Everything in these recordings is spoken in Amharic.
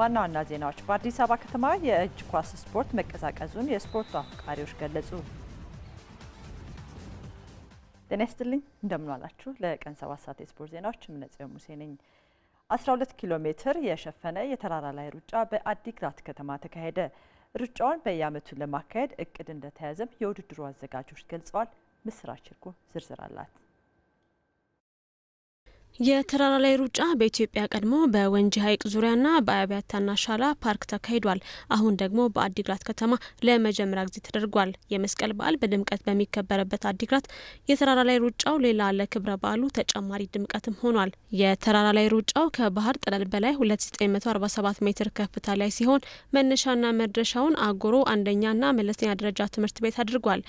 ዋና ዋና ዜናዎች። በአዲስ አበባ ከተማ የእጅ ኳስ ስፖርት መቀዛቀዙን የስፖርቱ አፍቃሪዎች ገለጹ። ጤና ይስጥልኝ፣ እንደምን ዋላችሁ። ለቀን ሰባት ሰዓት የስፖርት ዜናዎች ምነጽዮ ሙሴ ነኝ። 12 ኪሎ ሜትር የሸፈነ የተራራ ላይ ሩጫ በአዲግራት ከተማ ተካሄደ። ሩጫውን በየዓመቱ ለማካሄድ እቅድ እንደተያዘም የውድድሩ አዘጋጆች ገልጸዋል። ምስራች እርጉ ዝርዝር አላት። የተራራ ላይ ሩጫ በኢትዮጵያ ቀድሞ በወንጂ ሐይቅ ዙሪያና በአብያታና ሻላ ፓርክ ተካሂዷል። አሁን ደግሞ በአዲግራት ከተማ ለመጀመሪያ ጊዜ ተደርጓል። የመስቀል በዓል በድምቀት በሚከበረበት አዲግራት የተራራ ላይ ሩጫው ሌላ ለክብረ በዓሉ ተጨማሪ ድምቀትም ሆኗል። የተራራ ላይ ሩጫው ከባህር ጠለል በላይ 2947 ሜትር ከፍታ ላይ ሲሆን መነሻና መድረሻውን አጎሮ አንደኛና መለስተኛ ደረጃ ትምህርት ቤት አድርጓል።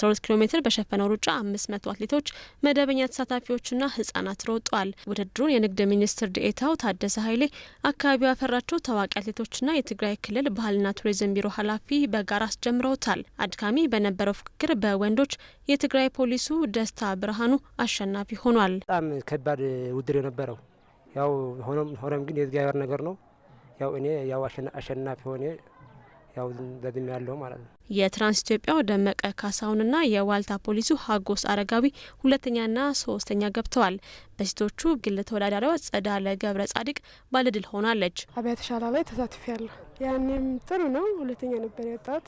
12 ኪሎ ሜትር በሸፈነው ሩጫ 500 አትሌቶች፣ መደበኛ ተሳታፊዎችና ህጻናት ሮጠዋል። ውድድሩን የንግድ ሚኒስትር ዴኤታው ታደሰ ኃይሌ አካባቢው ያፈራቸው ታዋቂ አትሌቶችና የትግራይ ክልል ባህልና ቱሪዝም ቢሮ ኃላፊ በጋራ አስጀምረውታል። አድካሚ በነበረው ፍክክር በወንዶች የትግራይ ፖሊሱ ደስታ ብርሃኑ አሸናፊ ሆኗል። በጣም ከባድ ውድድር የነበረው ያው ሆኖም ግን የእግዚአብሔር ነገር ነው። ያው እኔ ያው አሸናፊ ሆኔ ያው ዘግም ያለው ማለት ነው። የትራንስ ኢትዮጵያው ደመቀ ካሳሁንና የዋልታ ፖሊሱ ሀጎስ አረጋዊ ሁለተኛና ሶስተኛ ገብተዋል። በሴቶቹ ግል ተወዳዳሪዋ ጸዳለ ገብረ ጻድቅ ባለድል ሆናለች። አብያተ ሻላ ላይ ያለ ያኔም ጥሩ ነው፣ ሁለተኛ ነበር የወጣት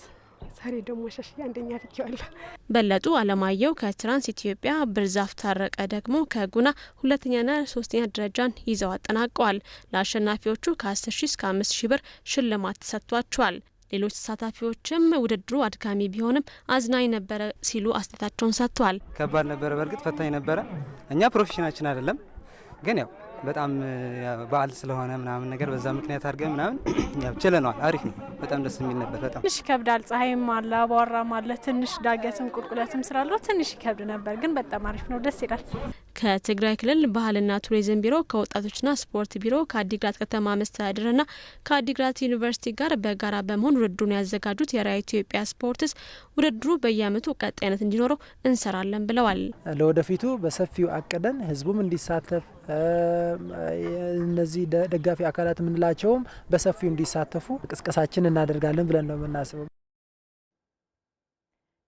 ዛሬ ደግሞ ሸሽ አንደኛ ልኬዋለሁ። በለጡ አለማየሁ ከትራንስ ኢትዮጵያ፣ ብርዛፍ ታረቀ ደግሞ ከጉና ሁለተኛና ሶስተኛ ደረጃን ይዘው አጠናቀዋል። ለአሸናፊዎቹ ከ ሺ እስከ 5 ሺ ብር ሽልማት ተሰጥቷቸዋል። ሌሎች ተሳታፊዎችም ውድድሩ አድካሚ ቢሆንም አዝናኝ ነበረ ሲሉ አስተያየታቸውን ሰጥተዋል። ከባድ ነበረ፣ በእርግጥ ፈታኝ ነበረ። እኛ ፕሮፌሽናችን አይደለም ግን ያው በጣም በዓል ስለሆነ ምናምን ነገር በዛ ምክንያት አድርገን ምናምን ያው ችለነዋል። አሪፍ ነው። በጣም ደስ የሚል ነበር። በጣም ትንሽ ይከብዳል። ፀሐይም አለ፣ አቧራም አለ፣ ትንሽ ዳገትም ቁልቁለትም ስላለው ትንሽ ይከብድ ነበር፣ ግን በጣም አሪፍ ነው። ደስ ይላል። ከትግራይ ክልል ባህልና ቱሪዝም ቢሮ፣ ከወጣቶችና ስፖርት ቢሮ፣ ከአዲግራት ከተማ መስተዳድርና ከአዲግራት ዩኒቨርሲቲ ጋር በጋራ በመሆን ውድድሩን ያዘጋጁት የራያ ኢትዮጵያ ስፖርትስ ውድድሩ በየዓመቱ ቀጣይነት እንዲኖረው እንሰራለን ብለዋል። ለወደፊቱ በሰፊው አቅደን ህዝቡም እንዲሳተፍ እነዚህ ደጋፊ አካላት የምንላቸውም በሰፊው እንዲሳተፉ ቅስቀሳችን እናደርጋለን ብለን ነው የምናስበው።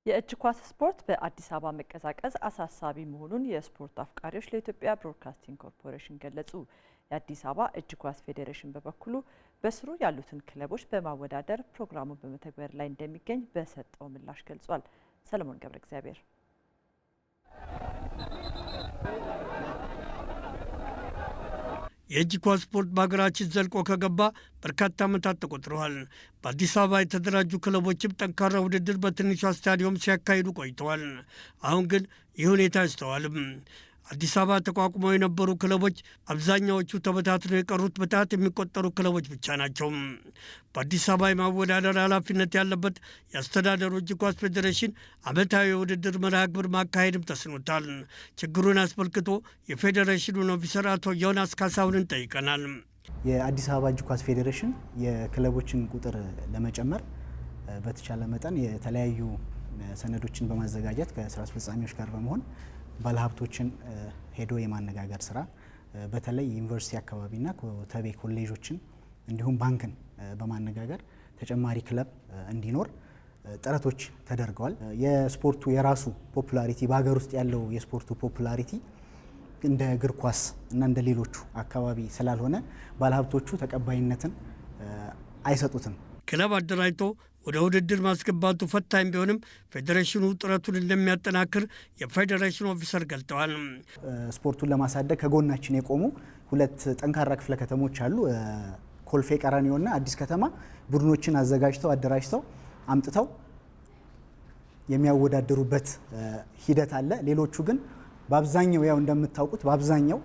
የእጅ ኳስ ስፖርት በአዲስ አበባ መቀዛቀዝ አሳሳቢ መሆኑን የስፖርት አፍቃሪዎች ለኢትዮጵያ ብሮድካስቲንግ ኮርፖሬሽን ገለጹ። የአዲስ አበባ እጅ ኳስ ፌዴሬሽን በበኩሉ በስሩ ያሉትን ክለቦች በማወዳደር ፕሮግራሙን በመተግበር ላይ እንደሚገኝ በሰጠው ምላሽ ገልጿል። ሰለሞን ገብረ እግዚአብሔር የእጅ ኳስ ስፖርት በሀገራችን ዘልቆ ከገባ በርካታ ዓመታት ተቆጥረዋል። በአዲስ አበባ የተደራጁ ክለቦችም ጠንካራ ውድድር በትንሿ ስታዲየም ሲያካሂዱ ቆይተዋል። አሁን ግን ይህ ሁኔታ አይስተዋልም። አዲስ አበባ ተቋቁመው የነበሩ ክለቦች አብዛኛዎቹ ተበታትነው የቀሩት በጣት የሚቆጠሩ ክለቦች ብቻ ናቸው። በአዲስ አበባ የማወዳደር ኃላፊነት ያለበት የአስተዳደሩ እጅ ኳስ ፌዴሬሽን ዓመታዊ የውድድር መርሃ ግብር ማካሄድም ተስኖታል። ችግሩን አስመልክቶ የፌዴሬሽኑን ኦፊሰር አቶ ዮናስ ካሳሁንን ጠይቀናል። የአዲስ አበባ እጅ ኳስ ፌዴሬሽን የክለቦችን ቁጥር ለመጨመር በተቻለ መጠን የተለያዩ ሰነዶችን በማዘጋጀት ከስራ አስፈጻሚዎች ጋር በመሆን ባለሀብቶችን ሄዶ የማነጋገር ስራ በተለይ ዩኒቨርሲቲ አካባቢና ኮተቤ ኮሌጆችን እንዲሁም ባንክን በማነጋገር ተጨማሪ ክለብ እንዲኖር ጥረቶች ተደርገዋል። የስፖርቱ የራሱ ፖፑላሪቲ በሀገር ውስጥ ያለው የስፖርቱ ፖፑላሪቲ እንደ እግር ኳስ እና እንደ ሌሎቹ አካባቢ ስላልሆነ ባለሀብቶቹ ተቀባይነትን አይሰጡትም። ክለብ አደራጅቶ ወደ ውድድር ማስገባቱ ፈታኝ ቢሆንም ፌዴሬሽኑ ጥረቱን እንደሚያጠናክር የፌዴሬሽኑ ኦፊሰር ገልጠዋል። ስፖርቱን ለማሳደግ ከጎናችን የቆሙ ሁለት ጠንካራ ክፍለ ከተሞች አሉ። ኮልፌ ቀራኒዮና አዲስ ከተማ ቡድኖችን አዘጋጅተው አደራጅተው አምጥተው የሚያወዳደሩበት ሂደት አለ። ሌሎቹ ግን በአብዛኛው ያው እንደምታውቁት በአብዛኛው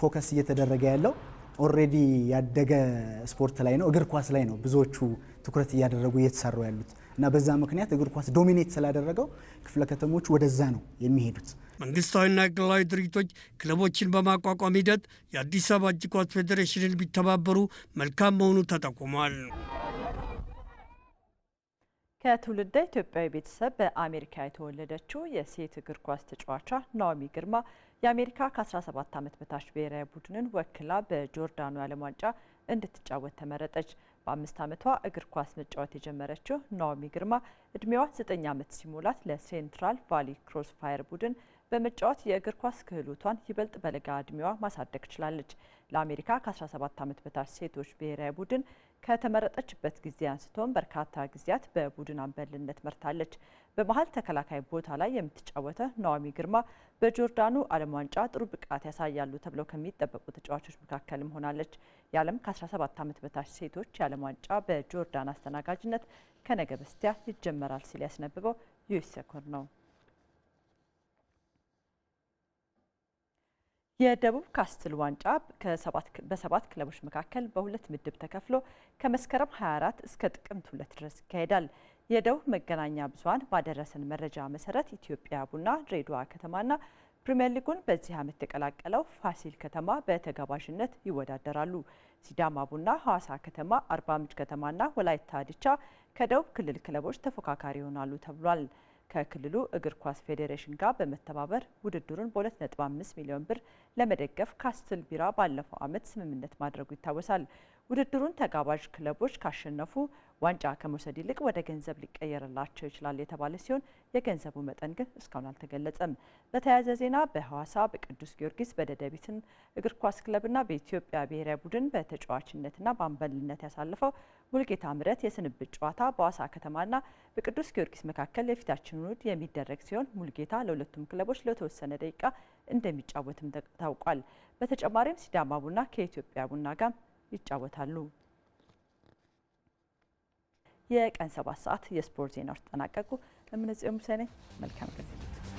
ፎከስ እየተደረገ ያለው ኦልሬዲ ያደገ ስፖርት ላይ ነው፣ እግር ኳስ ላይ ነው ብዙዎቹ ትኩረት እያደረጉ እየተሰሩ ያሉት እና በዛ ምክንያት እግር ኳስ ዶሚኔት ስላደረገው ክፍለ ከተሞች ወደዛ ነው የሚሄዱት። መንግስታዊና ግላዊ ድርጅቶች ክለቦችን በማቋቋም ሂደት የአዲስ አበባ እጅ ኳስ ፌዴሬሽንን ቢተባበሩ መልካም መሆኑ ተጠቁሟል። ከትውልደ ኢትዮጵያዊ ቤተሰብ በአሜሪካ የተወለደችው የሴት እግር ኳስ ተጫዋቿ ናኦሚ ግርማ የአሜሪካ ከ17 ዓመት በታች ብሔራዊ ቡድንን ወክላ በጆርዳኑ የዓለም ዋንጫ እንድትጫወት ተመረጠች። በአምስት ዓመቷ እግር ኳስ መጫወት የጀመረችው ናኦሚ ግርማ ዕድሜዋ 9 ዓመት ሲሞላት ለሴንትራል ቫሊ ክሮስ ፋየር ቡድን በመጫወት የእግር ኳስ ክህሎቷን ይበልጥ በለጋ እድሜዋ ማሳደግ ችላለች። ለአሜሪካ ከ17 ዓመት በታች ሴቶች ብሔራዊ ቡድን ከተመረጠችበት ጊዜ አንስቶም በርካታ ጊዜያት በቡድን አምበልነት መርታለች። በመሀል ተከላካይ ቦታ ላይ የምትጫወተ ነዋሚ ግርማ በጆርዳኑ ዓለም ዋንጫ ጥሩ ብቃት ያሳያሉ ተብለው ከሚጠበቁ ተጫዋቾች መካከልም ሆናለች። የዓለም ከ17 ዓመት በታች ሴቶች የዓለም ዋንጫ በጆርዳን አስተናጋጅነት ከነገ በስቲያ ይጀመራል ሲል ያስነብበው ዩኤስ ሰኮር ነው። የደቡብ ካስትል ዋንጫ በሰባት ክለቦች መካከል በሁለት ምድብ ተከፍሎ ከመስከረም 24 እስከ ጥቅምት 2 ድረስ ይካሄዳል። የደቡብ መገናኛ ብዙኃን ባደረሰን መረጃ መሰረት ኢትዮጵያ ቡና ድሬዳዋ ከተማና ፕሪምየር ሊጉን በዚህ ዓመት የተቀላቀለው ፋሲል ከተማ በተጋባዥነት ይወዳደራሉ። ሲዳማ ቡና፣ ሐዋሳ ከተማ፣ አርባ ምንጭ ከተማና ወላይታ ድቻ ከደቡብ ክልል ክለቦች ተፎካካሪ ይሆናሉ ተብሏል። ከክልሉ እግር ኳስ ፌዴሬሽን ጋር በመተባበር ውድድሩን በ2.5 ሚሊዮን ብር ለመደገፍ ካስትል ቢራ ባለፈው ዓመት ስምምነት ማድረጉ ይታወሳል። ውድድሩን ተጋባዥ ክለቦች ካሸነፉ ዋንጫ ከመውሰድ ይልቅ ወደ ገንዘብ ሊቀየርላቸው ይችላል የተባለ ሲሆን የገንዘቡ መጠን ግን እስካሁን አልተገለጸም። በተያያዘ ዜና በሐዋሳ በቅዱስ ጊዮርጊስ በደደቢትን እግር ኳስ ክለብና በኢትዮጵያ ብሔራዊ ቡድን በተጫዋችነትና በአምበልነት ያሳለፈው ሙልጌታ ምረት የስንብት ጨዋታ በሐዋሳ ከተማና በቅዱስ ጊዮርጊስ መካከል የፊታችን ውድ የሚደረግ ሲሆን ሙልጌታ ለሁለቱም ክለቦች ለተወሰነ ደቂቃ እንደሚጫወትም ታውቋል። በተጨማሪም ሲዳማ ቡና ከኢትዮጵያ ቡና ጋር ይጫወታሉ። የቀን ሰባት ሰዓት የስፖርት ዜናዎች ተጠናቀቁ። እምነጽዮን ሙሴ ነኝ። መልካም ጊዜ